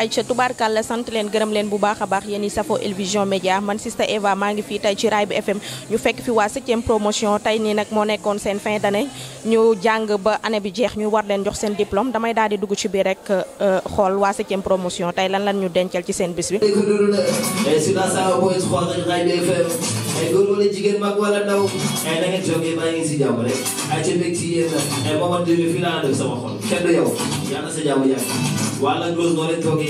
ayca la sant leen gërëm leen bu baax a baax yéen i safo Elvision Média man sista Eva maa ngi fii tey ci Rail bi FM ñu fekk fi waa septième promotion tey nii nag moo nekkoon seen fin d'année ñu jàng ba année bi jeex ñu war leen jox seen diplôme damay daal di dugg ci biir rek euh, xool waa septième promotion tey lan lan ñu dencal ci seen bis bi ay góor wala jigéen mag wala ndaw ay na ngeen maa ngi si jàmm rek ay ca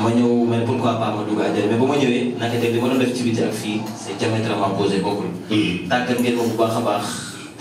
ma ñëw ma ne pourquoi pas ma dugg àjjana ba ma ñëwee naka tey li ma doon def ci biti ak fii c'est diamétralement opposé ko hmm. tàggat ngeen ma bu baax a baax.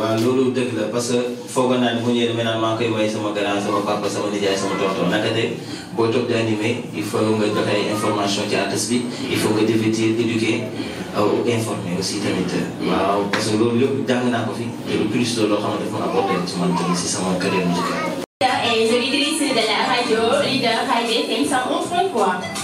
waaw loolu dëgg la parce que foog naa ne bu ñëwee maintenant maa koy waaye sama grand sama papa sama nijaay sama tonton naka de boo toog di animé il faut nga joxe ay information ci artiste bi il faut nga divertir éduquer ou informer aussi tamit waaw parce que loolu yëpp jàng naa ko fi te le plus loo xam ne dafa ma apporté ci man tamit si sama carrière musicale. et je suis de la radio leader Rajo FM 111.3.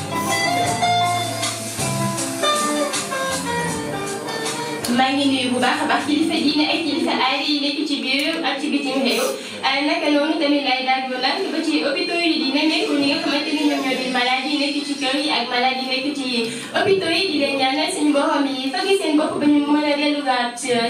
maa ngi nuyu bu baax a baax kilifa diine ak kilifa aada yi nekk ci biir ak ci bitim réew euh, naka noonu tamit lay daal di nag ba ci hôpitaux yi di nemmeeku ñi ni ñoom ñoo di malade yi nekk yi ak malade yi nekk ci hôpitaux yi di leen ñaanal suñu borom yi fagi seen bopp ba ñu mën a delluwaat euh,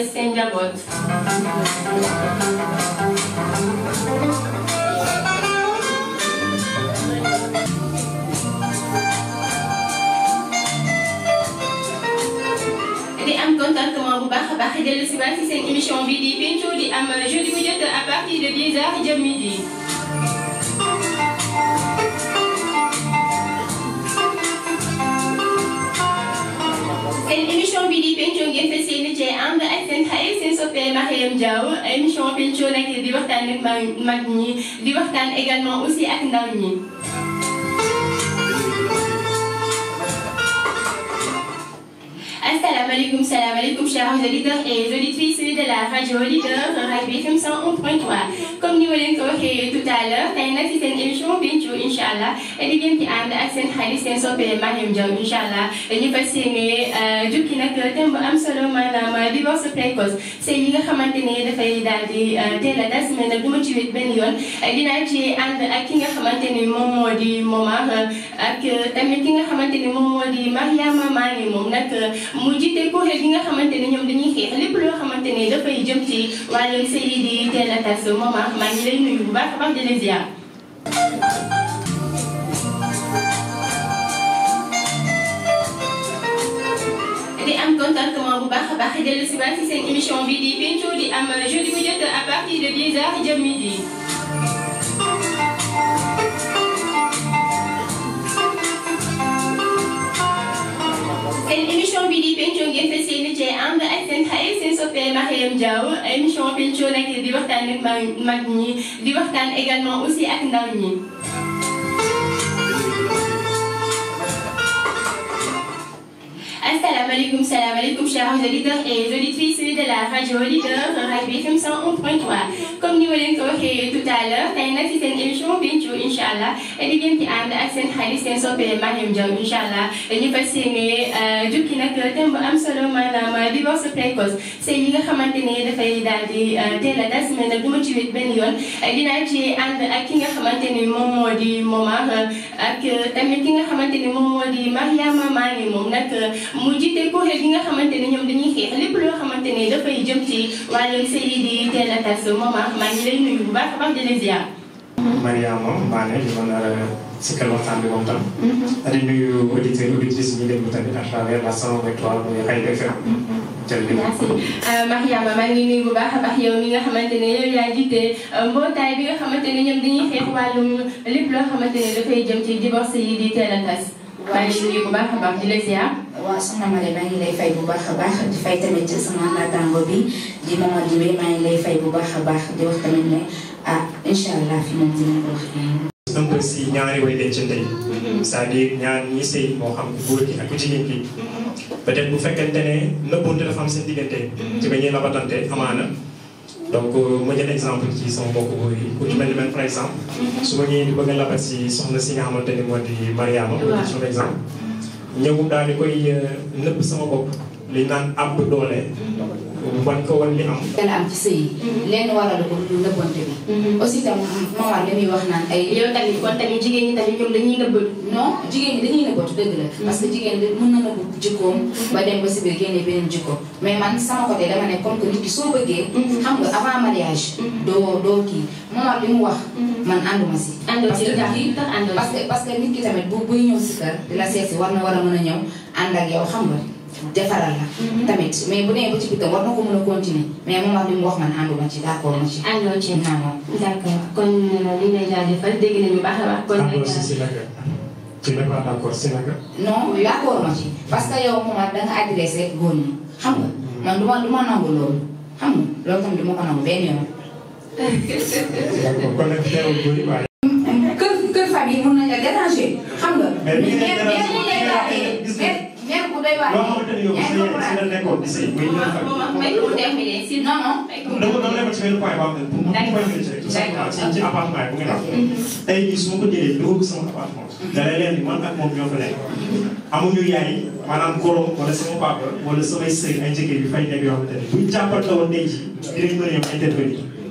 am contentement bu baax a baax dellu si waat si seen émission bi di penco di am jeudi mu jot à partir de 10 heures jëm midi. seen émission bi di penco ngeen fas yéene cee ànd ak seen xarit seen soppee Mariam Diaw émission penco nag di waxtaan ak mag ñi di waxtaan également aussi ak ndaw ñi. Assalamu alaikum, salam alaikum, chers auditeurs et auditrices de la radio Leader, Radio FM 101.3. comme ni ma leen ko waxee tout à l'heure tey nag si seen émission Béthio incha allah di ngeen ci ànd ak seen xarit seen soppe Mariam Diaw incha allah ñu fas yéene euh, jukki nag thème bu am solo maanaam euh, divorce précoce sëy yi nga xamante ni dafay daal di euh, teel a tas mais nag ci wét benn yoon dinaa ci ànd ak ki nga xamante ni moom moo di Momar ak tamit ki nga xamante ni moom moo di Mariama Mané moom nag mu jiite kuréel gi nga xamante ni ñoom dañuy xeex lépp loo xamante ni dafay jëm ci wàllu yi di teel a tas Momar maa ngi lay nuyu bu baax a baax di la ziar. di am contentement bu baax a baax dellu si waat si seen émission bi di penco di am jeudi bu jot à partir de 10h jëm midi. seen émission bi di pencoo ngeen fas yéene cee ànd ak seen xarit seen soppee Mariam Diaw émission pencoo nag di waxtaan ak mag ñi di waxtaan également aussi ak ndaw ñi. السلام عليكم السلام عليكم شيرو جديدور اي جولي في سيد لا راديو ليدر راهي 501.3 كوم ني ولين توخي تو تالا كاينه سي سن ايشون بنتو ان شاء الله اللي بنتي عند احسن حالي سي سو بي ماهم جاو ان شاء الله اللي فاسيني جوكي نك تم ام سولو ما لا ما دي بوس بريكوس سي لي خمانتيني دا في دادي تيلا داس من دو موتيف بنيون اللي ناجي عند اكيغا خمانتيني مومو مودي موما اك تم كيغا خمانتيني مومو مودي ماريا ماماني مومنا mu jiite kuréel gi nga xamante ne ñoom dañuy xeex lépp loo xamante ne dafay jëm ci wàllum sëy yi di teel a tas maman maa ngi lay nuyu bu baax a baax di la ziar. Mariama Mané di mën a sikkal waxtaan bi moom tam. Mhm. di nuyu auditeurs auditrices ñu déglu tamit à travers la 123 muy Rewmi FM. jërëjëf merci euh, Mariama maa ngi nuyu bu baax a baax yow mi nga xamante ne yow yaa jiite euh, mbootaay bi nga xamante ne ñoom dañuy xeex wàllum lépp loo xamante ne dafay jëm ci divorce yi di teel a tas. banjugi bu baax a baax di la ziar waaw soxna Mali maa ngi lay fay bu baax a baax di fay tamit sama naataango bi di mama Dibé maa ngi lay fay bu baax a baax di wax tamit ne ah incha allah fi moom dinañ ko wax ëmb si ñaari way dencante yi c'est-à-dire ñaar ñi sëy moo xam góor ki ak jigéen ki peut-être bu fekkente ne nëbbonte dafa am seen diggante ci ba ñuy labatante amaana donc euh, ma jël exemple ci sama mbokku góor yi ku mel ni par exemple. Mhm. su ma ñëwee di bëgg a labat si soxna si nga xamante ni moo di Mariama. waaw di suñu exemple. ñëw daal di koy euh, nëbb sama bopp li naan ab doole. Mhm. wan ko wan li am. dana am ci sëy yi. Mhm. lenn waralu ko nëbbante bi. Mhm. aussi tam Mawar li muy wax naan ay. yow tamit kon tamit jigéen ñi tamit ñoom dañuy nëbbatu. non jigéen ñi dañuy nëbbatu dëgg la. Mhm. parce que jigéen bi mën na nëbbu jikkoom. ba dem ba si biir génne beneen jikko. mais man sama côté dama ne comme que nit ki soo bëggee. xam nga avant mariage. doo doo kii Mawar li mu wax. man ànduma si. ànduma si li tax parce que parce que nit bu buy ñëw si kër si war na war a mën a ñëw ànd ak yow xam defaral la. Mhm. tamit mais bu nee ba ci biir war na ko mën a continuer mais moom wax li mu wax man ànduma ci d' accord ma ci. àndoo ci naa moom. d' accord kon euh, li ngay jaajëfal dégg nañu baax a baax. kon nag si euh, ci la ko d'accord si la non d' ma ci parce que yow moom da nga adressé góor ñi xam nga. Mhm. man du ma du ma nangu loolu xam nga loolu tamit du ma ko nangu benn yoon. d' accord kon nag teewul loo xamante ni yow si la nekkoon di sëy muy ñaar fay. non non. dama dama nekkoon ci benn point boo xam ne pour mu point ci rek. ci ci appartement bu ngeen am. tey jii su ma ko jëlee dugg sama appartement. da lay leen ni man ak moom ñoo fa nekk. amuñu yaay maanaam góoram wala sama papa wala samay sëy ay njëkkër yu fay nekk yoo xamante ni buñ jàppante woon tey jii dinañ mën a yem intervenir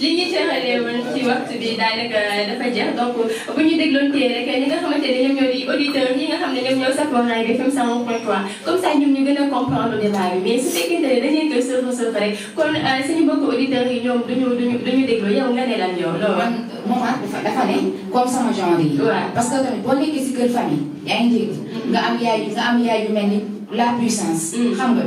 li ñuy jeexalee woon ci waxtu bi daanaka dafa jeex donc bu ñu dégloon tey rek ñi nga xamante ne ñoom ñoo di auditeurs ñi nga xam ne ñoom ñoo safoo Rail FM 101.3 comme ça ñoom ñu gën a comprendre débat bi mais su fekkee ne dañuy koy sëf sëf rek kon suñu mbokku auditeurs yi ñoom duñu duñu duñu déglu yow nga ne lan yow loolu. moom ah dafa dafa ne comme sama genre yi. waaw parce que tamit boo nekkee si kër famille yaa ngi dégg. nga am yaay nga am yaay yu mel ni la puissance. xam ừ. nga.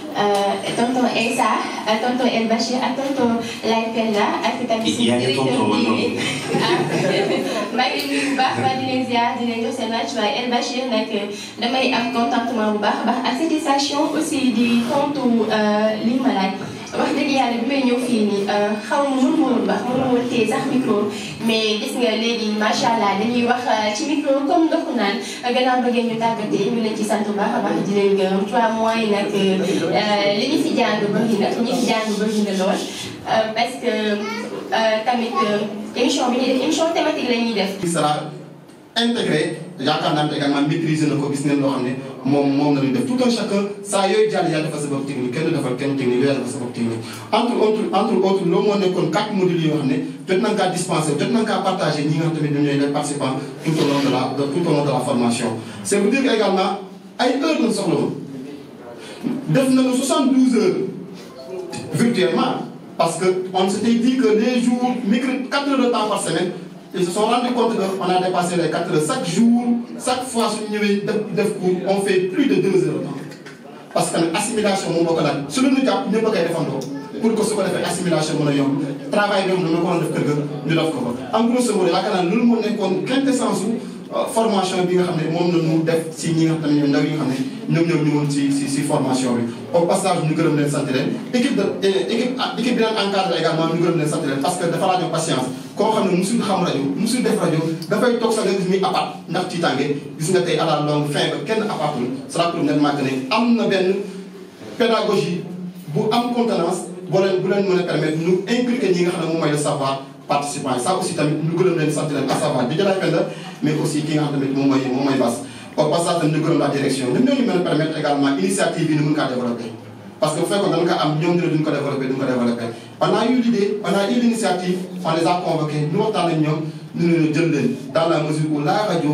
Eh, tonton Esa, eh, tonton El Bashir, eh, tonton Laipella, ak tamit suñu directeur bi maa ngi nuyu bu baax di leen ziar di leen jox seen wàcc waaye El Bashir nag damay am contentement bu baax baax ak satisfaction aussi di tontu li wax dëgg yàlla bi may ñëw fii nii euh, xaw ma mënu ma woon ba mënu ma woon téye sax mais gis nga léegi macha allah dañuy wax euh, ci micro comme ndoxu naan gannaaw bëggee ñu tàggatee ñu leen ci sant bu baax a baax di leen gërëm trois mois yi nag euh, li ñu fi jàng bëri na ñu fi jàng bëri na lool parce tamit émission bi ñuy def émission thématique la yaakaar naa également maîtriser tout un chacun ça y est, sa technique sa entre entre autres loolu moo quatre modules yoo xam ne dispensé jot ñi nga participants tout au long de la tout au long de la formation c'est pour dire que également ay heures 72 heures virtuellement parce que on s'était dit que les jours micro 4 heures de temps par semaine ils se sont rendus compte qu'on a dépassé les 4 heures. Chaque jour, chaque fois que nous cours, on fait plus de 2 heures. Parce que l'assimilation, on va faire. Si nous de défendre, pour que ce soit fait assimilation, on a travail, on a fait. En gros, ce mot-là, nous avons quintessence formation bi nga xam ne moom la ñu def si ñi nga xam ne ndaw yi nga xam ne si si formation bi au passage ñu gërëm leen sant leen équipe de eh, équipe ah, équipe bi leen encadré également ñu gërëm leen sant leen parce que dafa laajoon patience koo xam ne musul xam rajo musul def rajo dafay toog sa nga gis muy apat ndax ci gis nga tey à la longue fin ba kenn apatul sera pour nettement que ne am na benn pédagogie bu am contenance boo leen bu leen mën a permettre ñu inculquer nga xam ne moom mooy le savoir participants yi ça aussi tamit ñu gërëm leen sant leen à savoir di jëlaat benn mais aussi ki nga xam tamit moom mooy moom mooy Bass la direction ñoom ñoo ñu mën a permettre également initiative yi ñu mën kaa parce que bu fekkoon dañ ko am ñoom ñu ne duñ ko développé duñ ko développé on a eu l'idée on a eu l'initiative on les a convoqués ñu waxtaan ak ñoom ñu ne jël leen dans la mesure où la rajo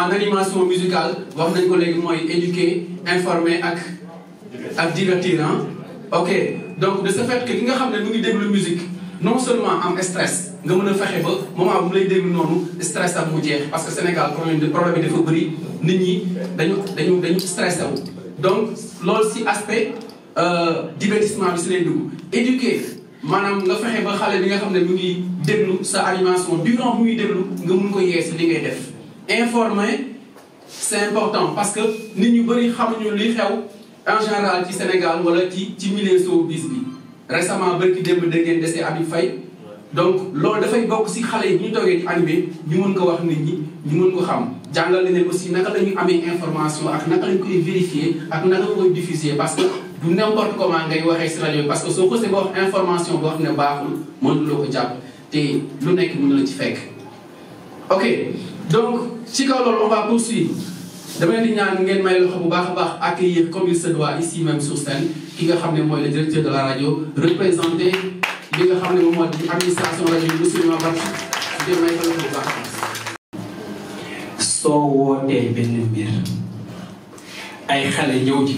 en animation musicale wax nañ ko léegi mooy éduquer informer ak ak divertir hein? ok donc de ce fait que ki nga xam ne mu ngi déglu musique non seulement am stress nga mën a fexe ba moment bu mu lay déglu noonu stress am mu jeex parce que Sénégal problème de problème bi dafa bëri nit ñi dañu dañu dañu stressé wu donc loolu si aspect euh, divertissement bi si lay dugg éduquer maanaam nga fexe ba xale bi nga xam ne mu ngi déglu sa animation durant bu muy déglu nga mun ko yee si li ngay def informer c'est important parce que nit ñu bëri xamuñu li xew en général ci Sénégal wala ci ci milieu showbiz bi récemment bari ci démb dégg ngeen dese Habib Faye donc loolu dafay bokk si xale yi bu ñu toogee di animé ñu mën ko wax nit ñi ñu mën ko xam jàngal leen aussi naka lañu amé information ak naka lañ koy vérifier ak naka la koy diffuser parce que du n'importe comment ngay waxee si rajo parce que so ko wax information boo xam ne baaxul mënuloo ko jàpp te lu nekk mën la ci fekk ok. donc ci kaw loolu on va poursuivre dama leen di ñaan ngeen may loxo bu baax a baax accueillir comme il se doit ici même sur scène ki nga xam ne le directeur de la radio représenté li nga xam ne moom moo di administration rajo bi monsieur Mabar ngeen may ko loxo bu baax soo wootee benn mbir ay xale ñëw ci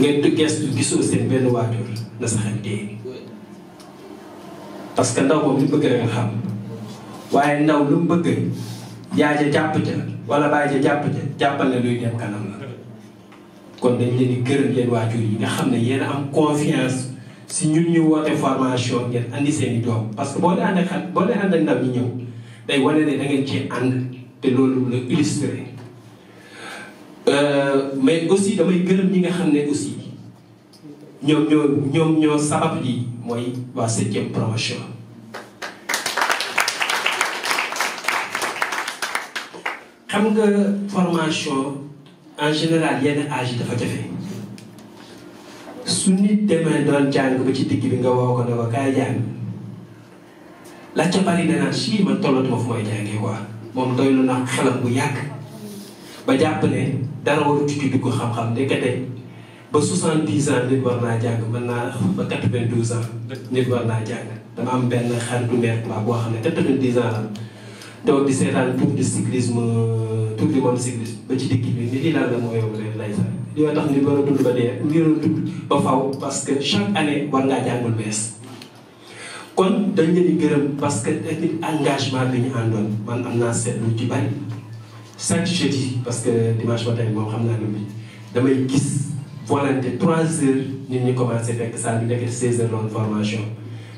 ngeen du gestu gisoo seen benn waajur na saxal parce que ndaw boobu ñu bëgg rek xam waaye ndaw lu mu bëgg yaa ca jàpp ca wala bàyyi ca jàpp ca jàppal na luy dem kanam la kon dañ leen gërëm yéen waajur yi nga xam ne yéen am confiance si ñu ñu woote formation ngeen andi seen i doom parce que boo dee ànd ak xel boo dee ànd ak ndaw ñi ñëw day wane ne da ngeen cee ànd te loolu la illustré euh, mais aussi damay gërëm ñi nga xam ne aussi ñoom ñoo ñoom ñoo sabab lii mooy waa septième promotion xam nga formation en général yenn âge yi dafa jafe su nit demee doon ba ci digg bi nga woo ko ne ko kaay jàng la ca bari danaa sii man tollatuma fu may jàngee moom doy lu na xelam bu yàgg ba jàpp ne dara warut ci dugg xam-xam ndekete ba soixante-dix ans nit war naa jàng mën naa ba quatre-vingt-douze ans nit war naa jàng dama am benn xaritu mère boo xam ne quatre-vingt-dix ans donc c'est un de cyclisme tout le monde cyclisme des parce que chaque année a on kon on parce que l'engagement engagement bi ñu man ci jeudi parce que dimanche matin moom xam naa damay volonté trois heures nit ñi commencé avec saa bi heures de formation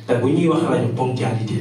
te bu wax ponctualité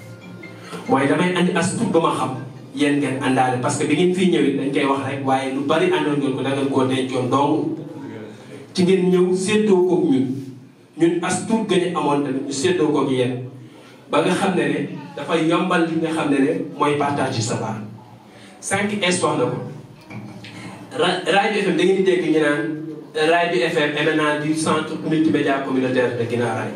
waaye damay andi as tuut ba ma xam yéen ngeen àndaale parce que bi ngeen fii ñëwee dañ koy wax rek waaye lu bari àndoon ngeen ko da ngeen koo dencoon donc ci ngeen ñëw séddoo koog ñun ñun as tuut gën a amoon tamit ñu séddoo koog yéen ba nga xam ne ne dafay yombal li nga xam ne ne mooy partage ci sabar cinq instant na ko rajo FM da ngeen di dégg ñu naan rajo FM émanant du centre multimédia communautaire de Guinaw Rail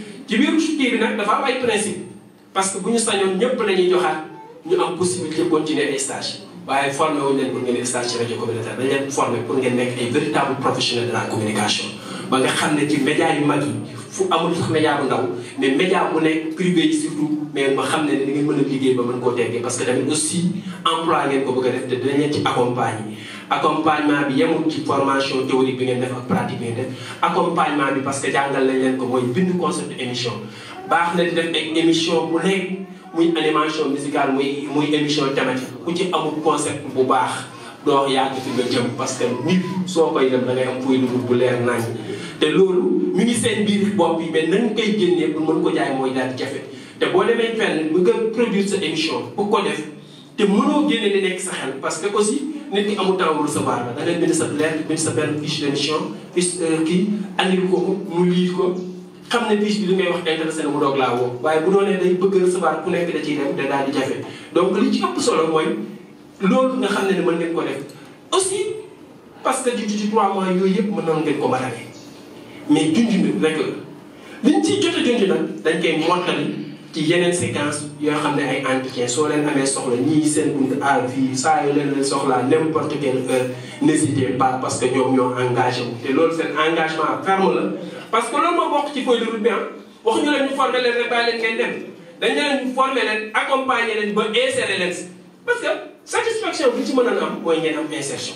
ci biiru liggéey bi nag dafa am ay principe parce que bu ñu sañoon ñëpp la joxaat ñu am possibilité continuer ay stage waaye formé wuñ leen pour ngeen stage ci rajo communautaire dañ leen formé pour ngeen nekk ay véritable professionnel de la communication ba nga xam ne ci média yu mag yi fu amul sax média bu ndaw mais média bu nekk privé yi surtout mais ma xam ne ne ngeen mën a liggéey ba mën koo teggee parce que tamit aussi emploi ngeen ko bëgg a def te dinañ leen ci accompagner accompagnement bi yemul ci formation théorique bi ngeen def ak pratique bi ngeen def accompagnement bi parce que jàngal nañ leen ko mooy bind concept émission baax na di def ak émission bu nekk muy animation musicale muy muy émission thématique ku ci amul concept bu baax doo yàgg fi nga jëm parce que nit soo koy dem da ngay am fooy dugub bu leer nañ te loolu mi ngi seen biir bopp yi mais nañ koy génnee pour mën ko jaay mooy daal jafe te boo demee fenn bu nga produire sa émission bu ko def te mënoo génne di nekk sa xel parce que aussi nit ñi amul temps recevoir la da ngay bind sa lettre bind sa benn fiche de mission fiche euh, kii andil ko mu lire ko xam ne fiche bi li ngay wax intéressé na mu doog waaye bu doonee day bëgg recevoir ku nekk da ciy dem da daal di jafe donc li ci ëpp solo mooy loolu nga xam ne ne ma ngeen ko def aussi parce que ci ci trois mois yooyu yëpp mënoon ngeen ko matale mais junj bi rek la liñ ciy jot nag dañ koy mottali ci une séquence yoo xam ay entretien soo leen amee soxla ñii seen à vie n'importe n'hésitez pas parce que ñoo engagé engagement ferme la parce que ci de former former accompagner insérer parce que satisfaction bi ci mën am am insertion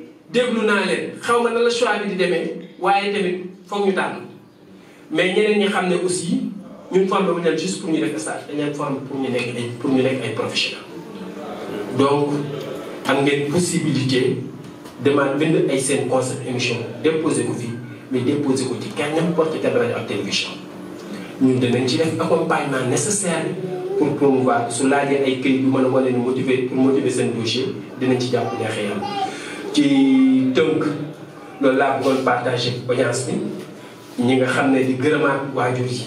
déglu naa leen xaw ma na la choix bi di demee waaye tamit foog ñu tànn mais ñeneen ñi xam ne aussi ñun formé wuñ leen juste pour ñu def stage dañ leen formé pour ñu nekk ay pour ñu nekk ay professionnels. donc am ngeen possibilité demande bind ay seen concept émission déposé ko fii mais déposé ko ci kenn porte télé rajo ak télévision ñun danañ ci def accompagnement nécessaire pour promouvoir su laajee ay këyit bu mën a wane ni motiver pour motiver seen dossier dinañ ci jàpp neexee yàlla ci tënk loolu laa bëggoon partagé audience bi ñi nga xam ne di gërëmaat waajur yi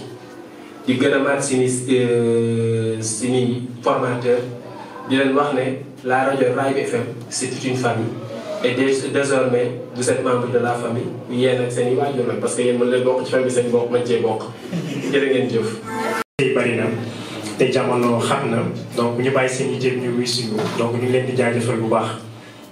di gërëmaat sini euh, sini formateur di leen wax ne la rajo Rail FM c'est toute une famille et désormais vous êtes membre de la famille yéen ak seen i waajur la parce que yéen mën leen bokk ci famille seen bokk mën cee bokk jërë ngeen jëf bari na te jamono xam na donc ñu bàyyi seen i jéeg ñu wuy suñu donc ñu ngi leen di jaajëfal bu baax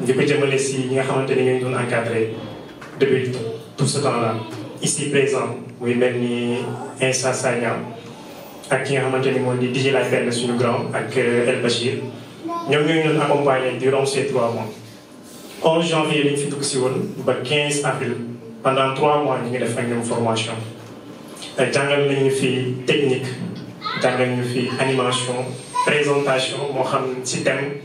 di ko jëmale si ñi nga xamante ni ñu doon encadré depuis tout ce temps là ici présent muy mel ni Insa Sagna ak ki nga xamante ni moo di DJ suñu grand ak euh, El Bachir ñoom ñoo ñu doon accompagné durant ces trois mois. 11 janvier lañ fi dugg si woon ba 15 avril pendant trois mois ñu ngi def ak ñoom formation euh, jàngal nañu fi technique jàngal ñu fi animation présentation moo xam si thème.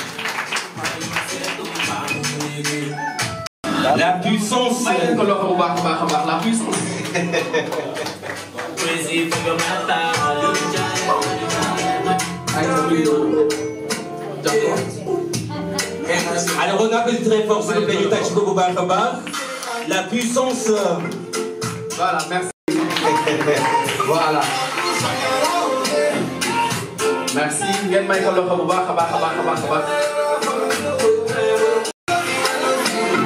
puissance. La puissance. Alors on appelle très fort le pays La puissance. Euh, voilà, merci. voilà. Merci.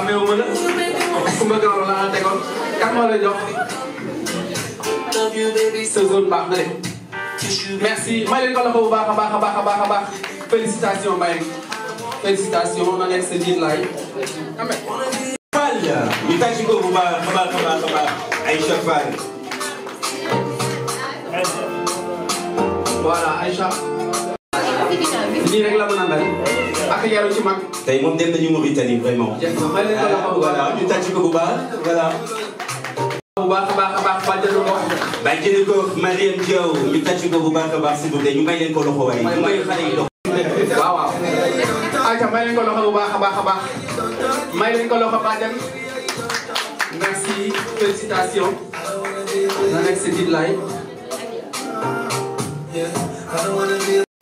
amee meu mano, la meu ma gaaw laa tegoon kan moo lay jox sa merci may leen ko loxo bu baax a baax a baax a baax a baax félicitation Mbaye na nekk sa jiit laay amee Fall ñu tàcc ko bu baax a baax a baax a baax Aïcha Fall voilà Aïcha lii rek la aku a dal ak yaru ci mag tey moom dem nañu Mauritanie vraiment may leen ko loxo bu baax ñu tàcc ko bu baax voilà bu baax baax ko Mariam ñu ko bu baax si bëgg ñu may leen ko loxo waaye ñu may xale yi loxo waaw waaw ayca may leen ko loxo bu baax baax baax may ko merci félicitations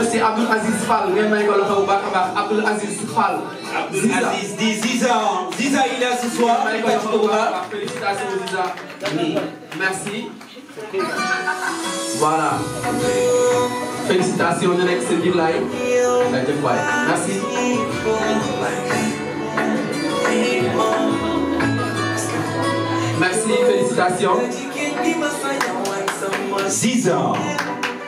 monsieur Abdul Aziz Aziz Ziza il ce soir. félicitations Ziza. merci. voilà. félicitations de next live. merci. merci félicitations. Ziza.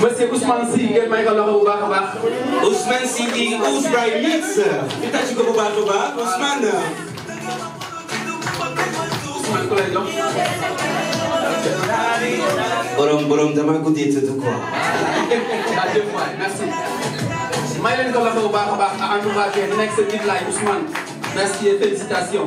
monsieur Ousmane Sy ngeen may ko loxo bu baax a baax. Ousmane Sy Mix ñu tàcc ko bu baax a baax Ousmane. borom borom dama ko dégg de quoi. merci. may leen ko loxo bu baax a baax en tout cas nekk sa nit laay Ousmane merci et félicitations.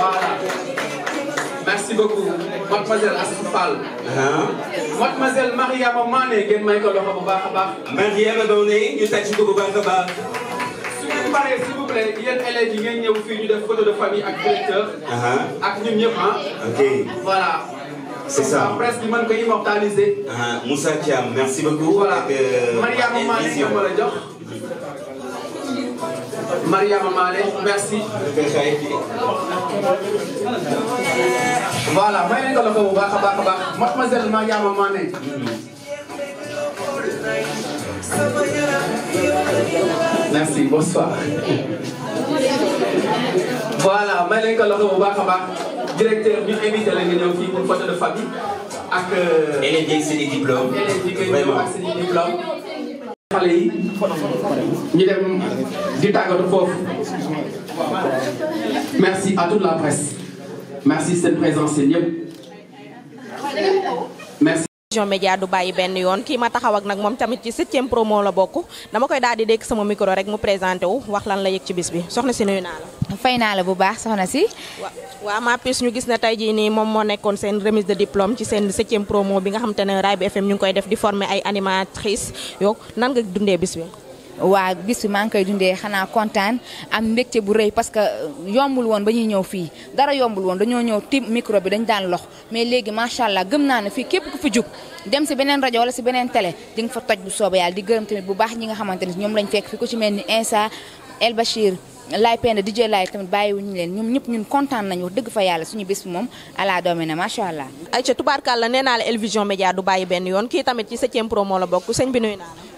Voilà. Merci beaucoup. Mademoiselle Hein? Mademoiselle Mariama Mané qui may ko loxo bu baax a baax. Mariama Mané ñu tàcc ko bu baax a baax. su ngeen s'il vous plaît yéen élèves yi ngeen ñëw ñu def photo de famille ak directeur. ak ñun ñëpp hein? ok voilà. C'est ça. Presque mën ko immortaliser. Moussa Thiam merci beaucoup. voilà Mariama Mané ñoo ma la jox. Maria Malé merci. voilà may nañu ko la ko bu baax mademoiselle Maria Malé. merci bonsoir. voilà may nañu ko la ko directeur ñu invité les nga qui pour photo de famille ak. Euh, les diplômes. vraiment les diplômes xale yi ñu dem di tàggatu foofu merci à toute la presse merci seen présence seen ñëpp merci Vision Médias du bàyyi benn yoon ki ma taxaw ak nag moom tamit ci septième promo la bokk dama koy daal di dégg sama micro rek mu présenté wu wax lan la yëg ci bis bi soxna si nuyu naa la. fay naa la bu baax soxna si. wa waaw maa ñu gis na tey jii nii moom moo nekkoon seen remise de diplôme ci seen septième promo bi nga xam te ne Rail bi FM ñu ngi koy def di former ay animatrices yoo nan nga dundee bis bi. waa bis bi maa ngi koy dundee xanaa kontaan am mbégte bu rëy parce que yombul woon ba ñuy ñëw fii dara yombul woon dañoo ñëw tim micro bi dañ daan lox mais léegi macha allah gëm naa ne fii képp ku fi jug dem si beneen rajo wala si beneen tele di fa toj bu soobee yàlla di gërëm tamit bu baax ñi nga xamante ne ñoom lañ fekk fi ku ci mel ni Insa El Bachir Laay Penda DJ Laay tamit bàyyiwuñu leen ñoom ñëpp ñun kontaan nañu wax dëgg fa yàlla suñu bis bi moom ala doome na macha allah. ayca tubaarkàlla nee naa la Média du bàyyi benn yoon kii tamit ci septième promo la bokk sëñ bi nuyu naa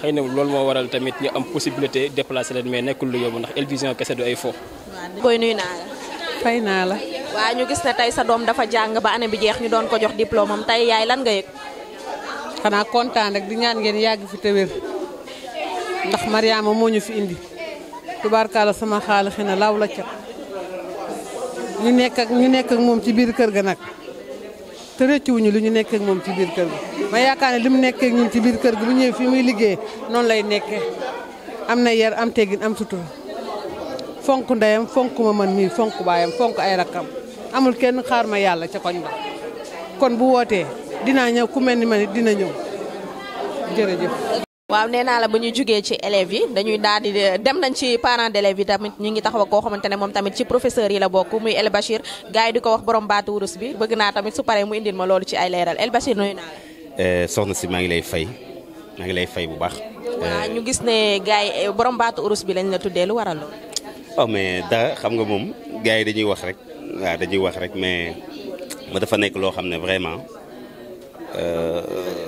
xëy na loolu moo waral tamit ñu am possibilité déplacer leen mais nekkul lu yomb ndax El Vision kese du ay fo. koy nuyu naa la. fay naa la. waaw ñu gis ne tey sa doom dafa jàng ba année bi jeex ñu doon ko jox diplôme am tey yaay lan nga yëg. xanaa kontaan rek di ñaan ngeen yàgg fi te wér ndax Mariama moo ñu fi indi tubaarkaala sama xaalis xëy na law la ca ñu nekk ak ñu nekk ak moom ci biir kër ga nag. te rëccuwuñu li ñu nekk ak moom ci biir kër gi ma yaakaar ne li mu nekk ak ñun ci biir kër gi bu ñëwee fi muy liggéey noonu lay nekkee am na yar am teggin am sutura fonk ndeyam fonk ma man mii fonk baayam fonk ay rakkam amul kenn xaar ma yàlla ca koñ ba kon bu wootee dinaa ñëw ku mel ni ma nit dina ñëw jërëjëf waaw nee la bu ñu jugee ci élèves yi dañuy daal di euh, dem nañ ci parents d'élèves yi tamit ñu ngi taxaw koo xamante ne moom tamit ci professeur yi la bokk muy El Bachir gars yi di ko wax borom baatu wurus bi bëgg naa su paree mu indil loolu ci ay leeral El Bachir nuyu naa la. Eh, si maa ngi lay fay maa ngi lay fay bu baax. Eh. ñu gis ne gars yi eh, borom baatu wurus bi lañ la tuddee lu waral loolu. waaw oh, mais dara xam nga moom gars yi dañuy wax rek waaw dañuy wax rek mais ma dafa nekk loo xam ne vraiment. Euh,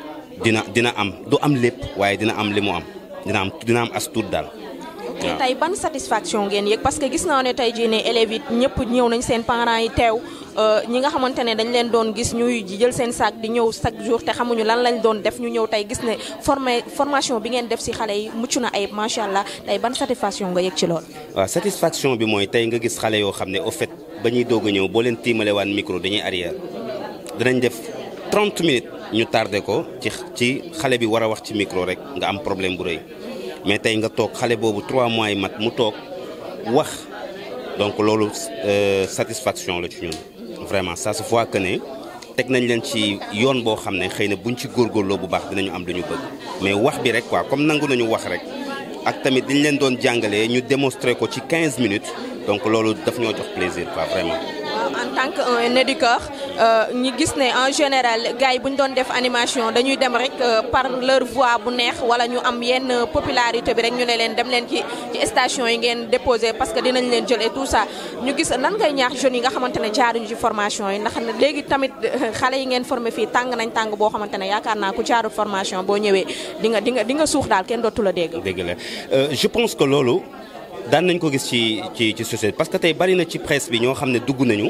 dina dina am du am lépp waaye dina am li mu am dina am dina am as tuut daal. waaw tey ban satisfaction ngeen yëg parce que gis naa ne tey jii ne élèves yi ñëpp ñëw nañ seen parent yi teew euh, ñi nga xamante ne dañ leen doon gis ñuy jël seen sac di ñëw chaque jour te xamuñu lan lañ doon def ñu ñëw tey gis ne formé formation bi ngeen def si xale yi mucc na ay macha allah tey ban satisfaction nga yëg ci lool. waaw satisfaction bi mooy tey nga gis xale yoo xam ne au fait ba doog ñëw boo leen tiimale waan micro dañuy arrière danañ ñu tardé ko ci ci xalé bi wara wax ci micro rek nga am problème bu reuy mais tay nga tok xalé bobu 3 mois yi mat mu tok wax donc loolu euh, satisfaction la ci ñun vraiment ça se voit que né tek nañ leen ci yoon bo xamné xeyna xëy na buñ ci góorgóorloo bu baax dinañu am duñu bëgg mais wax bi rek quoi comme nangu nañu wax rek ak tamit diñ leen doon jàngalé ñu démontrer ko ci 15 minutes donc lolu daf ñoo jox plaisir quoi vraiment. Euh, en tant qu'un éducateur euh, ñu gis ne en général gars yi bu ñu doon def animation dañuy dem rek euh, par leur voix bu neex wala ñu am yenn popularité bi rek ñu ne leen dem leen ci ci station yi ngeen déposer parce que dinañ leen jël et tout ça ñu gis nan ngay ñaax jeune yi nga xamantene ne jaaruñu ci formation yi ndax légui tamit euh, xalé yi ngeen formé fi tang nañ tang bo xamantene ne yaakaar naa ku jaarul formation bo ñëwé di nga di nga di nga suux daal kenn dootu la dégg. dégg la je pense que loolu daan nañ ko gis ci ci ci société parce que tey bari na ci presse bi ñoo xam ne dugg nañu.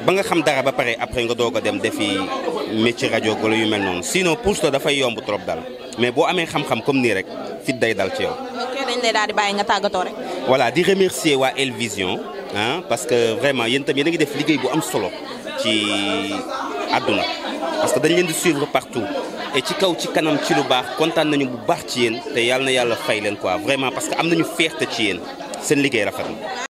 ba nga xam dara ba pare après nga doog a dem defi métier radio wala yu mel noonu sinon pousse la dafay yomb trop dal mais boo amee xam-xam comme nii rek fit day dal ci yow. ok dañ lay daal di bàyyi nga tàggatoo rek. voilà di remercier waa El Vision ah parce que vraiment yéen itam yéen a ngi def liggéey bu am solo ci àdduna parce que dañ leen di suivre partout et ci kaw ci kanam ci lu baax kontaan nañu bu baax ci yéen te yàlla na yàlla fay leen quoi vraiment parce que am nañu fierté ci yéen seen liggéey rafet na